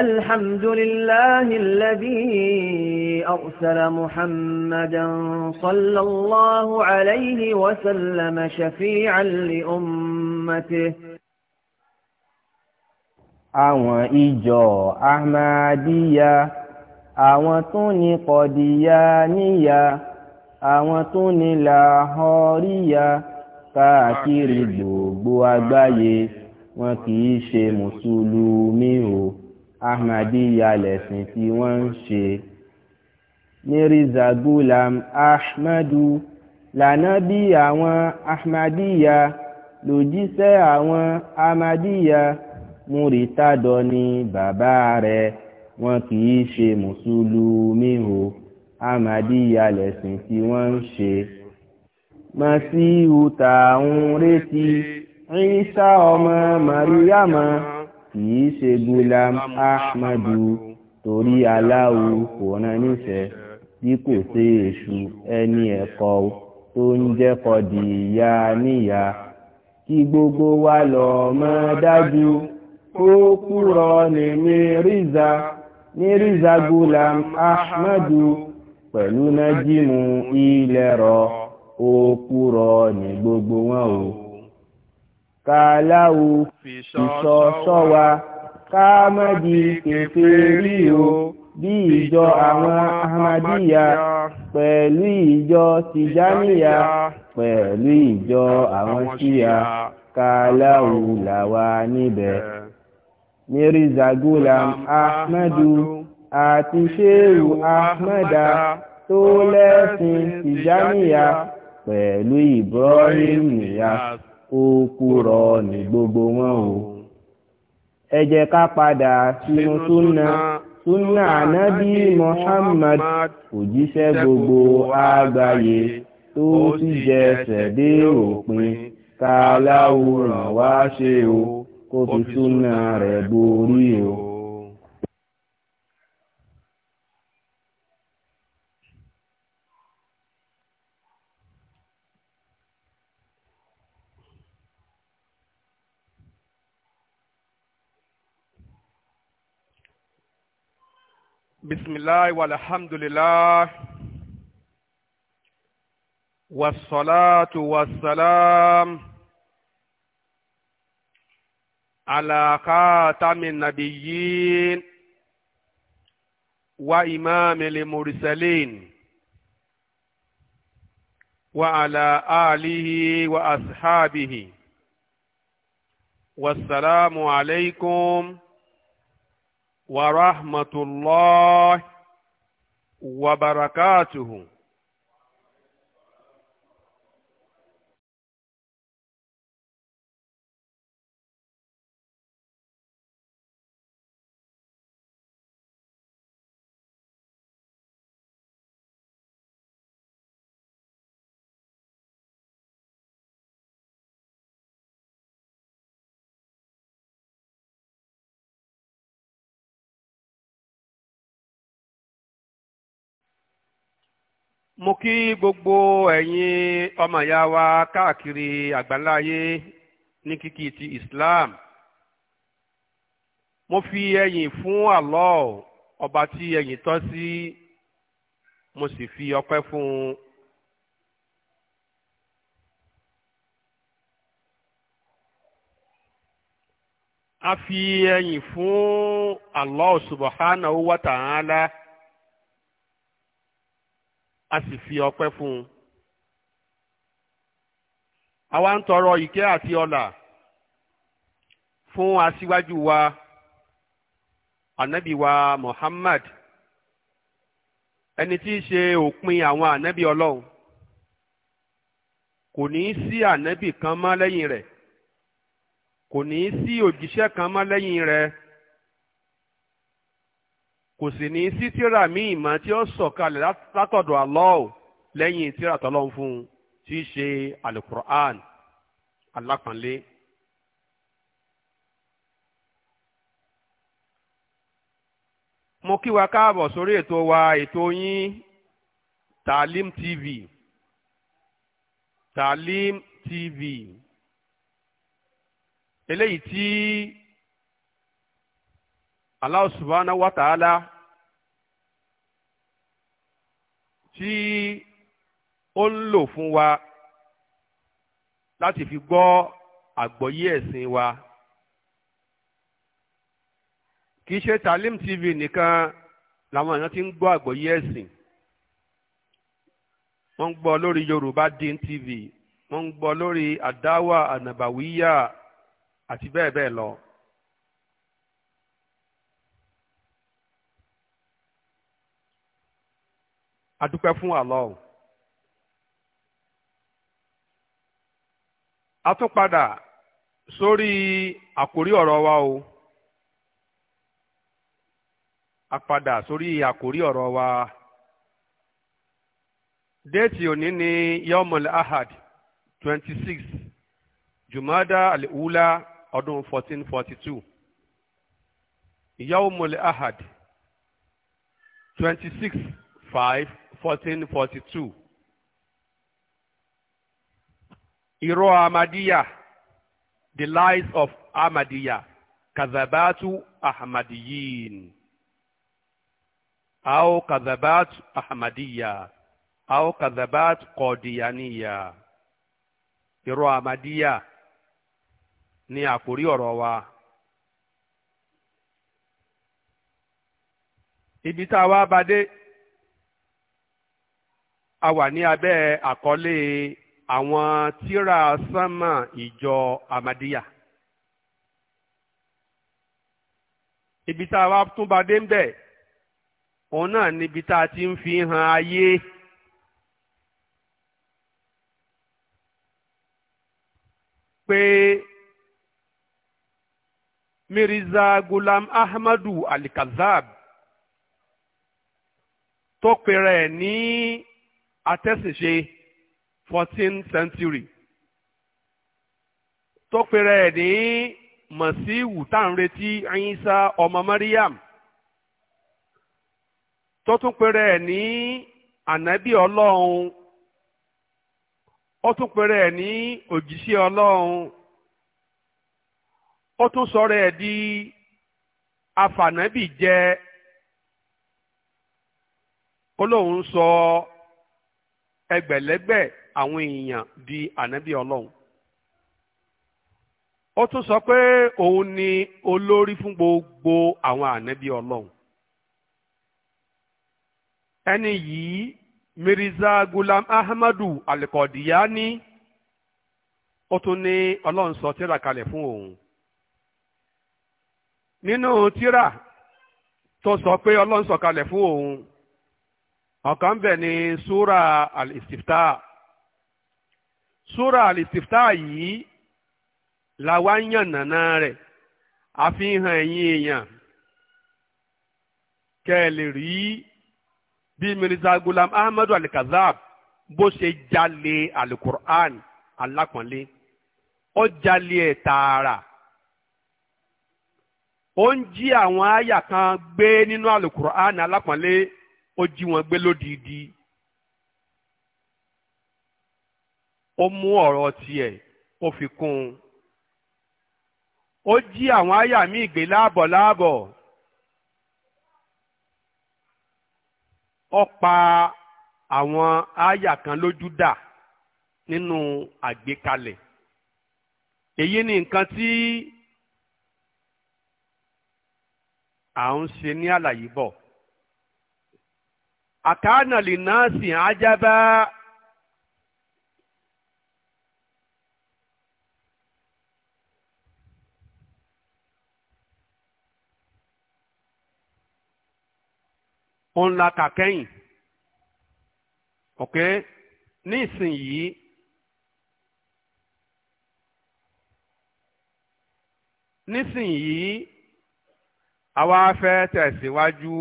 الحمد لله الذي أرسل محمدا صلى الله عليه وسلم شفيعا لأمته أو إجو أحمدية أو توني قديانية أو توني لاهورية كاكيري بوغبايي وكيشي مسلومي ahmadiyya lẹ̀sìn tí wọ́n ń ṣe mirza gulam ahmadu lànábì àwọn ahmadiyya lòjíṣẹ́ àwọn ahmadiyya múritádọ ni bàbá rẹ̀ wọn kì í ṣe mùsùlùmí o ahmadiyya lẹ̀sìn tí wọ́n ń ṣe masihu tá retí Ìsá ọmọ màríyàmá. kìí ṣe gulam ahmadu torí aláwo kò rán nífẹ̀ẹ́ bí kò ṣe èṣù ẹni ẹ̀kọ́ tó ń jẹ́kọ̀ di ìyá níyà kí gbogbo wa lọ mọ̀ dájú ó kúrọ̀ ní mírízà mírízà gulam ahmadu pẹ̀lú nájímù ilẹ̀ rọ ó kúrọ̀ ní gbogbo wọn o. kàláwù ìṣọṣọ wa ká má di kèfèrí o bí ìjọ àwọn ahmadíyà pẹ̀lú ìjọ tìjáníyà pẹ̀lú ìjọ àwọn ṣíyà kàláwù làwa níbẹ̀. Mirza Gulam Ahmadu àti Ṣéhù Ahmada tó lẹ́sìn tìjáníyà pẹ̀lú Ibrahim Niyas òkúrọ̀ ní gbogbo wọn o ẹ jẹ́ ká padà sínú súnà súnà ànábì Muhammad òjíṣẹ́ gbogbo àgbáyé tó sì jẹsẹ̀ dé òpin ká láwùrán wá ṣe o kó fi súnà rẹ̀ borí o. بسم الله والحمد لله والصلاة والسلام على خاتم النبيين وإمام المرسلين وعلى آله وأصحابه والسلام عليكم ورحمة الله وبركاته mo kí gbogbo ẹ̀yin ọmọ ìyá wa káàkiri àgbáláyé ní kíkí ti Islam mo fi ẹ̀yìn fún Allah ọba tí ẹ̀yìn tọ́ sí mo sì fi ọpẹ́ fún un. a fi ẹ̀yìn fún Allah subhanahu wa ta'ala. a sì fi ọpẹ fún un. àwa ń tọrọ ìkẹ́ àti ọlà fún aṣíwájú wa ànábì wa Muhammad ẹni tí í ṣe òpin àwọn ànábì Ọlọ́run kò ní í sí ànábì kan mọ́ lẹ́yìn rẹ̀ kò ní í sí òjíṣẹ́ kan mọ́ lẹ́yìn rẹ̀. kò sì ní sí tíra míì mọ́ tí ó sọ̀kalẹ̀ látọ̀dọ̀ Allah lẹ́yìn tíra tọ́lọ́run fún tí í ṣe alukur'an alápọ̀nlé. mo kí wa káàbọ̀ sórí ètò wa ètò yín Taalim TV Taalim TV eléyìí tí Allah subhanahu wa ta'ala tí ó ń lò fún wa láti fi gbọ́ àgbọ́yé ẹ̀sìn wa kì í ṣe talim tv nìkan làwọn èèyàn ti ń gbọ́ àgbọ́yé ẹ̀sìn wọ́n ń gbọ́ lórí yorùbá dín tv wọ́n ń gbọ́ lórí àdáwà ànàbàwíyà àti bẹ́ẹ̀ bẹ́ẹ̀ lọ. adúpẹ́ fún Allah a tún padà sórí àkórí ọ̀rọ̀ wa o a padà sórí àkórí ọ̀rọ̀ wa déètì òní ni yomul ahad twenty six jumada al-ula ọdún fourteen forty two yomul ahad twenty six five fourteen forty two irọ́ amadiya the lies of amadiya kazabatu ahmadiyin au kazabatu ahmadiya au kazabatu kodiyaniya Iro amadiya ni àkórí ọ̀rọ̀ wa. ibi tá a wá bá dé a wà ní abẹ́ àkọlé àwọn tírà sánmà ìjọ amadiya ibi tá a wá tún bá dé ń bẹ̀ òun náà níbi tá a ti ń fi hàn ayé. pé Mirza Gulam Ahmadu Alikazab tó pèrè ní atẹ́sìnṣe fourteen century tó pèrè ẹ̀ ní mọ̀síwù tá à ń retí ayínṣá ọmọ mariam tó tún pèrè ẹ̀ ní ànábì ọlọ́run ó tún pèrè ẹ̀ ní òjíṣẹ́ ọlọ́run ó tún sọ̀rọ̀ ẹ̀ di afànábì jẹ́ olóhùn sọ. So, ẹgbẹ̀lẹ́gbẹ̀ àwọn èèyàn di ànábì ọlọ́run ó tún sọ pé òun ni olórí fún gbogbo àwọn ànábì ọlọ́run ẹni yìí mirza gulam ahmadu alikọdiyani ó tún ní ọlọ́run sọ tírà kalẹ̀ fún òun nínú tírà tó sọ pé ọlọ́run sọ kalẹ̀ fún òun ọ̀kan bẹ ni súra al-istifta súra al-istifta yìí la wá yàn nàná rẹ̀ àfihàn ẹ̀yin èèyàn kẹ́ ẹ lè rí bí mirza gulam ahmadu Alikazab bó ṣe jalè al-Qur'an ó jalè ẹ̀ tààrà ó ń jí àwọn àyà kan gbé nínú al-Qur'an ó jí wọn gbé lódìdí ó mú ọ̀rọ̀ tiẹ̀ ó fi kún un ó jí àwọn àyà míì gbé láàbọ̀ láàbọ̀ ó pa àwọn àyà kan lójú dà nínú àgbékalẹ̀ èyí ni nǹkan tí à ń ṣe ní àlàyé bọ̀ àkáànà lè náà sì ájábá. òun la kà kẹ́yìn ok ní ìsinyìí àwa fẹ́ tẹ̀síwájú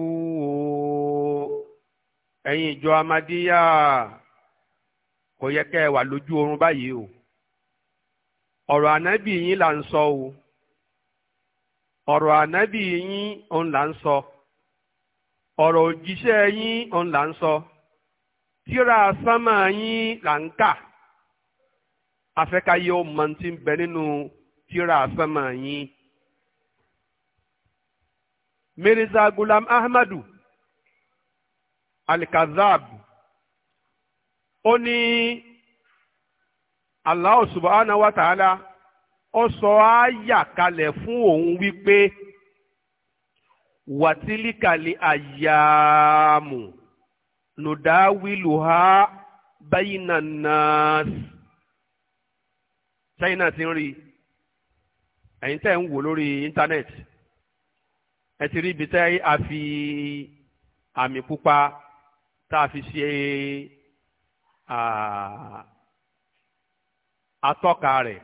o ẹ̀yin ìjọ amadíyà kò yẹ kẹ́ ẹ wà lójú oorun báyìí o ọ̀rọ̀ ànábì yín là ń sọ o ọ̀rọ̀ ànábì yín òun là ń sọ ọ̀rọ̀ òjíṣẹ́ yín òun là ń sọ tíra sánmà yín là ń kà afẹ́káyé ó mọ ti ń bẹ nínú tíra sánmà yín. Mirza Gulam Ahmadu alikazab ó ní Allah subhanahu wa ta'ala ó sọ ááyà kalẹ̀ fún òun wípé wàtílíkàlì àyàmù nùdáwìlùhá báyìnà nàásì sẹ́yìn náà ti ń rí ẹ̀yin tẹ́ ń wò lórí íńtánẹ́ẹ̀tì ẹ ti rí ibi tẹ́ a fi àmì pupa tá a fi ṣe atọ́ka rẹ̀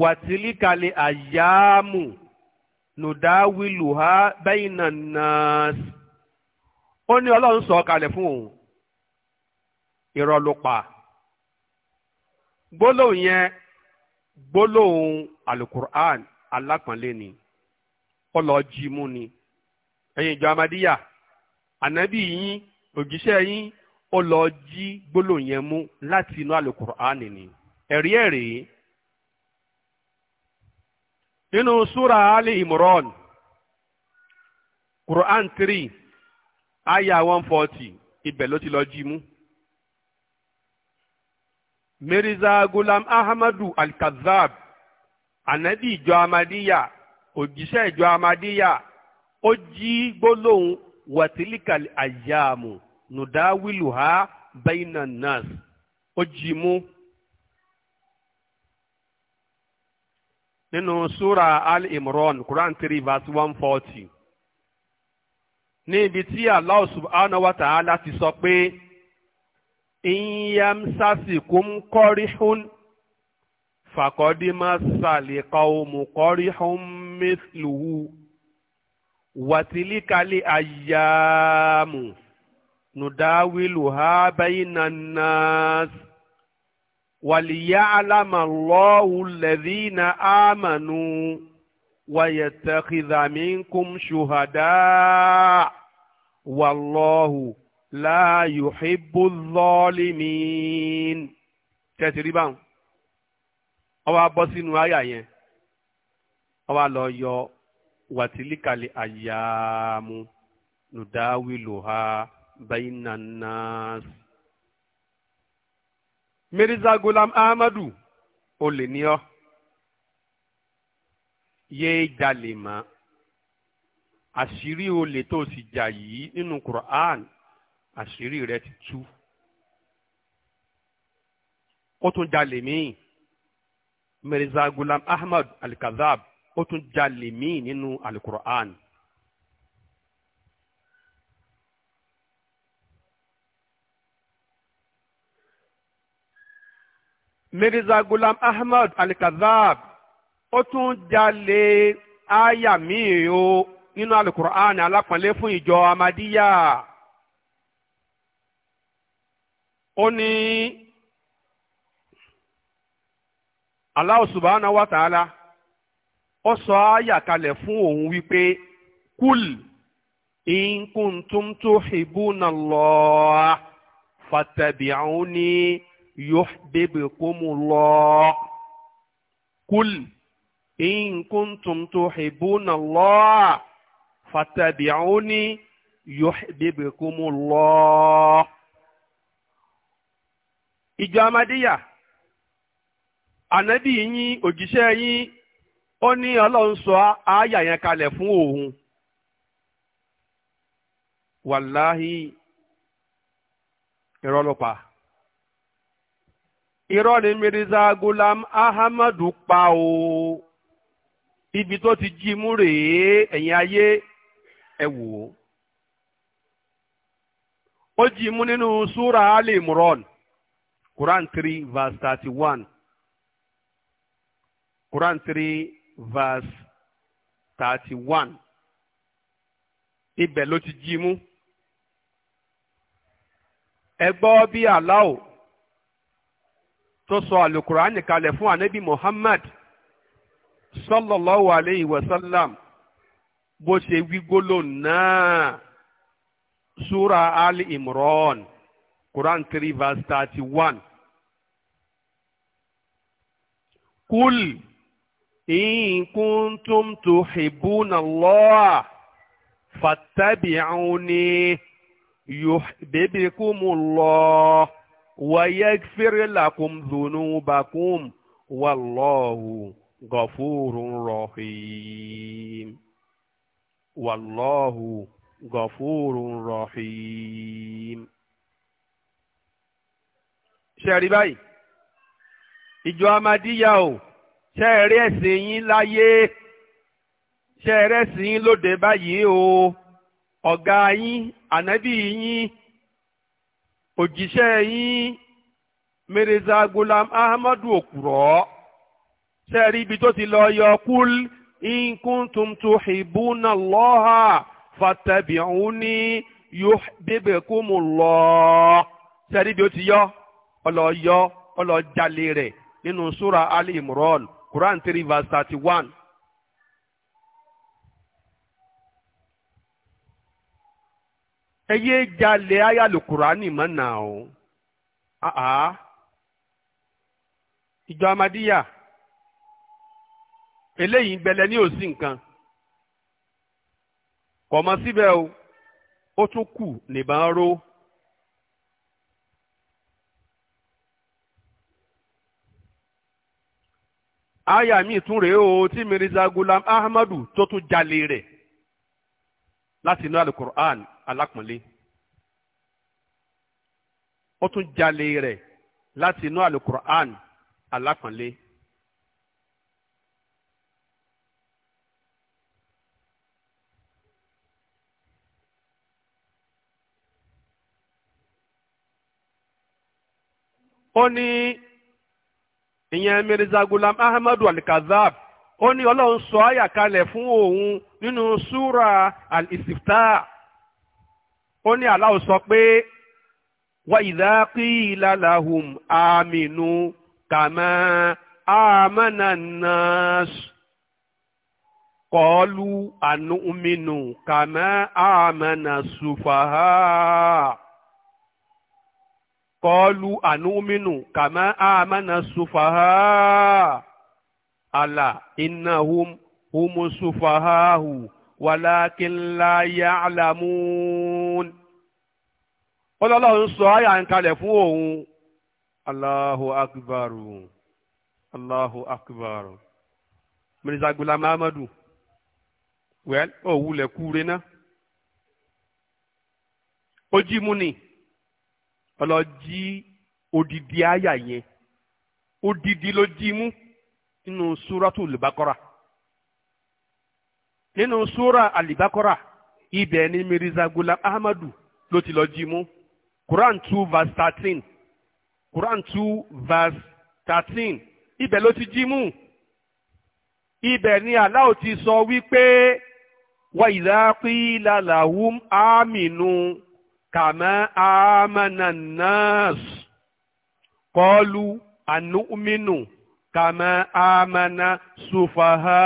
wàtílíkalẹ̀ àyáàmù nùdáwìlùhá bẹ́yìnà nàásì ó ní ọlọ́run sọ kalẹ̀ fún òun ìrọ̀lùpà gbólóhùn yẹn gbólóhùn alukur'an alápọ̀nlé ni ọlọ́ọ̀jì ni ẹ̀yin ìjọ amadíyà ànábì yín òjíṣẹ́ yín ó lọ jí gbólóhùn yẹn mú láti inú àlùkùránì ni ẹ̀rí ẹ̀rí nínú súra Ali Imran Quran three aya one forty ibẹ̀ ló ti lọ jí mú. Mirza Gulam Ahmadu Al-Kazab ànábì ìjọ Amadiya òjíṣẹ́ ìjọ Amadiya ó jí gbólóhùn wàtílíkà àyàmù nùdáwìlùhà bẹ́ẹ̀nà nas ó jí mú nínú súra al-imran quran three verse one forty ní ibi tí Allah subhanahu wa ta'ala ti sọ pé ìyàmsásìkún kọ́ríhún fàkọ́dímásàlẹ̀kọ́ òmù kọ́ríhún mẹ́sìlùú wàtílíkàlì àyàmù nùdáwìlù ha bẹ́yìnà náà wàlìyá alámàlọ́hù lẹ́dínà ámànú wàyẹ̀tẹ̀kìdàmínkùm ṣùhàdá wàlọ́hù láàyò hibbulọ́límìn tẹ̀sírí báwọn ọwọ́ abọ́ sínú àyà yẹn ọwọ́ àlọ́ yọ wàtílíkàlì àyàmú nùdáwìlòhà bainanas. mirza gulam ahmadu olè Ye ọ yéé jalè mọ́ àṣírí olè tó sì jà yìí nínú Quran àṣírí rẹ̀ ti tú ó tún jalè míì mirza gulam ahmadu alikazab ó tún jalè míì nínú alukur'an. mirza gulam ahmad alikazab ó tún jalè aya míì o nínú alukur'an alápọ̀nlé fún ìjọ amadiya ó ní Allah subhanahu wa ta'ala. ó sọ àyà kalẹ̀ fún òun wípé kúl in kuntum tuhibbuna Allah fattabi'uni yuhbibkumullah kúl in kuntum tuhibbuna Allah fattabi'uni yuhbibkumullah. ìjọ amadíyà ànábì yín òjíṣẹ́ yín ó ní ọlọ́run sọ ááyà yẹn kalẹ̀ fún òun wàláhì irọ́ ló pa irọ́ ni Mirza Gulam Ahmadu pa o ibi tó ti jí mú rèé ẹ̀yìn ayé ẹ wò ó ó jí mú nínú súra Ali Imran Quran three verse thirty one Quran three. verse thirty one ibẹ̀ ló ti jí mú ẹ gbọ́ bí aláwo tó sọ àlùkùránì kalẹ̀ fún ànábì Muhammad sallallahu alayhi wa sallam bó ṣe wí náà sura ali imran quran three verse thirty one kúlì in kuntum tuhibbuna Allah fattabi'uni yuhbibkumullah wa yaghfir lakum dhunubakum wallahu ghafurun rahim wallahu ghafurun rahim ṣe rí báyìí ìjọ amadíyà o ṣe ẹ̀rí ẹ̀sìn yín láyé ṣe ẹ̀rí ẹ̀sìn yín lóde báyìí o ọ̀gá yín ànábì yín òjíṣẹ́ yín mirza gulam ahmadu òkùrọ̀ ṣe ẹ̀rí ibi tó ti lọ yọ kúl in kuntum tuhibbuna Allaha fattabi'uni yuhbibkumullah ṣe ẹ̀rí ibi ó ti yọ ọlọ́yọ ọlọ́jalè rẹ̀ nínú súra Ali Quran 3 verse 31. one ẹ yéé jalè ayálò kùránì mọ́ nà ó àá ìjọ amadíyà eléyìí ń bẹlẹ ní òsì nǹkan kọ̀ mọ́ o ó tún kù nìbọn ró. aya mi tún rèé o tí mirza gulam ahmadu tó tún jalè rẹ̀ láti inú alukur'an alápọ̀nlé ó tún jalè rẹ̀ láti inú alukur'an alápọ̀nlé. ó ní ìyẹn mirza gulam ahmadu al-kazab ó ní ọlọ́run sọ àyà kalẹ̀ fún òun nínú súra al-istifta ó ní Allah sọ pé wa idha qila lahum aminu kama amana nas qalu anu'minu kama kọlu ànúmínú kàmá àmánà sùfàhà àlà ìnáhùn humu sùfàhàhù wàlákin láyà àlàmún. ọlọ́lọ́run sọ ayà ń kalẹ̀ fún òun Allahu akbar Allahu akbar Mirza Ghulam Ahmadu wẹ́l òwúlẹ̀ kúre náà ó jí mú ọlọ́jí odidi àyà yẹn odidi ló jí mú nínú súrọ́tù lùbákọ́ra nínú súrà àlìbákọ́ra ibẹ̀ ni mirza gulam ahmadu ló ti lọ jí mú quran two verse thirteen quran two verse thirteen ibẹ̀ ló ti jí mú ibẹ̀ ni Allah ti sọ wípé wa idha qila lahum aminu kàmá àmàna nọ́ọ̀sì kọlu ànúmínú kàmá àmàna sùfàhà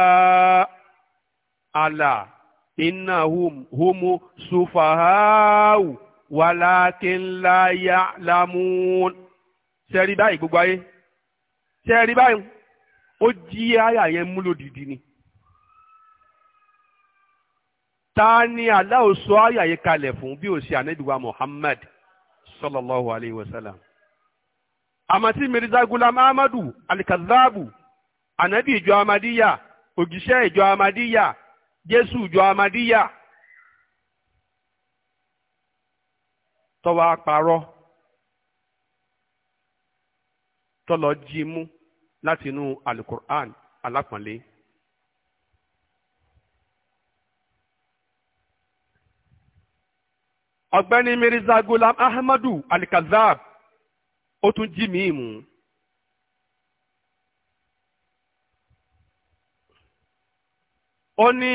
àlà iná humu sùfàhàù wàlákínlá yá lámún. ṣe rí báyìí gbogbo ayé ṣe rí báyìí ó jí àyà yẹn múlò dìdì ni. ta ni Allah sọ àyà yìí kalẹ̀ fún bí ó ṣe ànábì wa Muhammad sallallahu alayhi wa sallam. àmàtí Mirza Gulam Ahmadu alikazabu ànábì ìjọ amadiya ògìṣẹ́ ìjọ amadiya Jésù ìjọ amadiya. tọ́wọ́ apárọ́ tọ́lọ́ jí mú látinú alukur'an alápọ̀nlé. ọ̀gbẹ́ni mirza gulam ahmadu alikazab ó tún jí mi mú. ó ní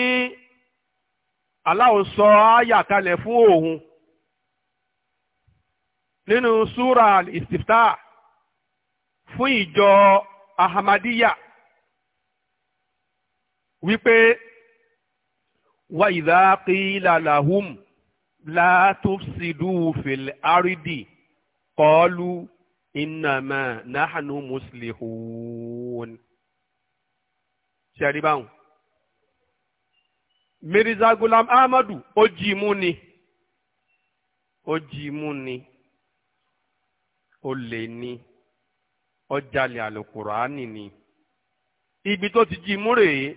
aláwo sọ àyà kalẹ̀ fún òun nínú súra istifta fún ìjọ ahamadiya wípé wa idha qila lahum la tufsidu fil aridi qalu innama nahnu muslihun. ṣẹ̀rí báwọn. mirza gulam ahmadu ó jí mú ni ó jí mú ni ó lè ní ó jalè àlùkùránì ni ibi tó ti jí mú rèé.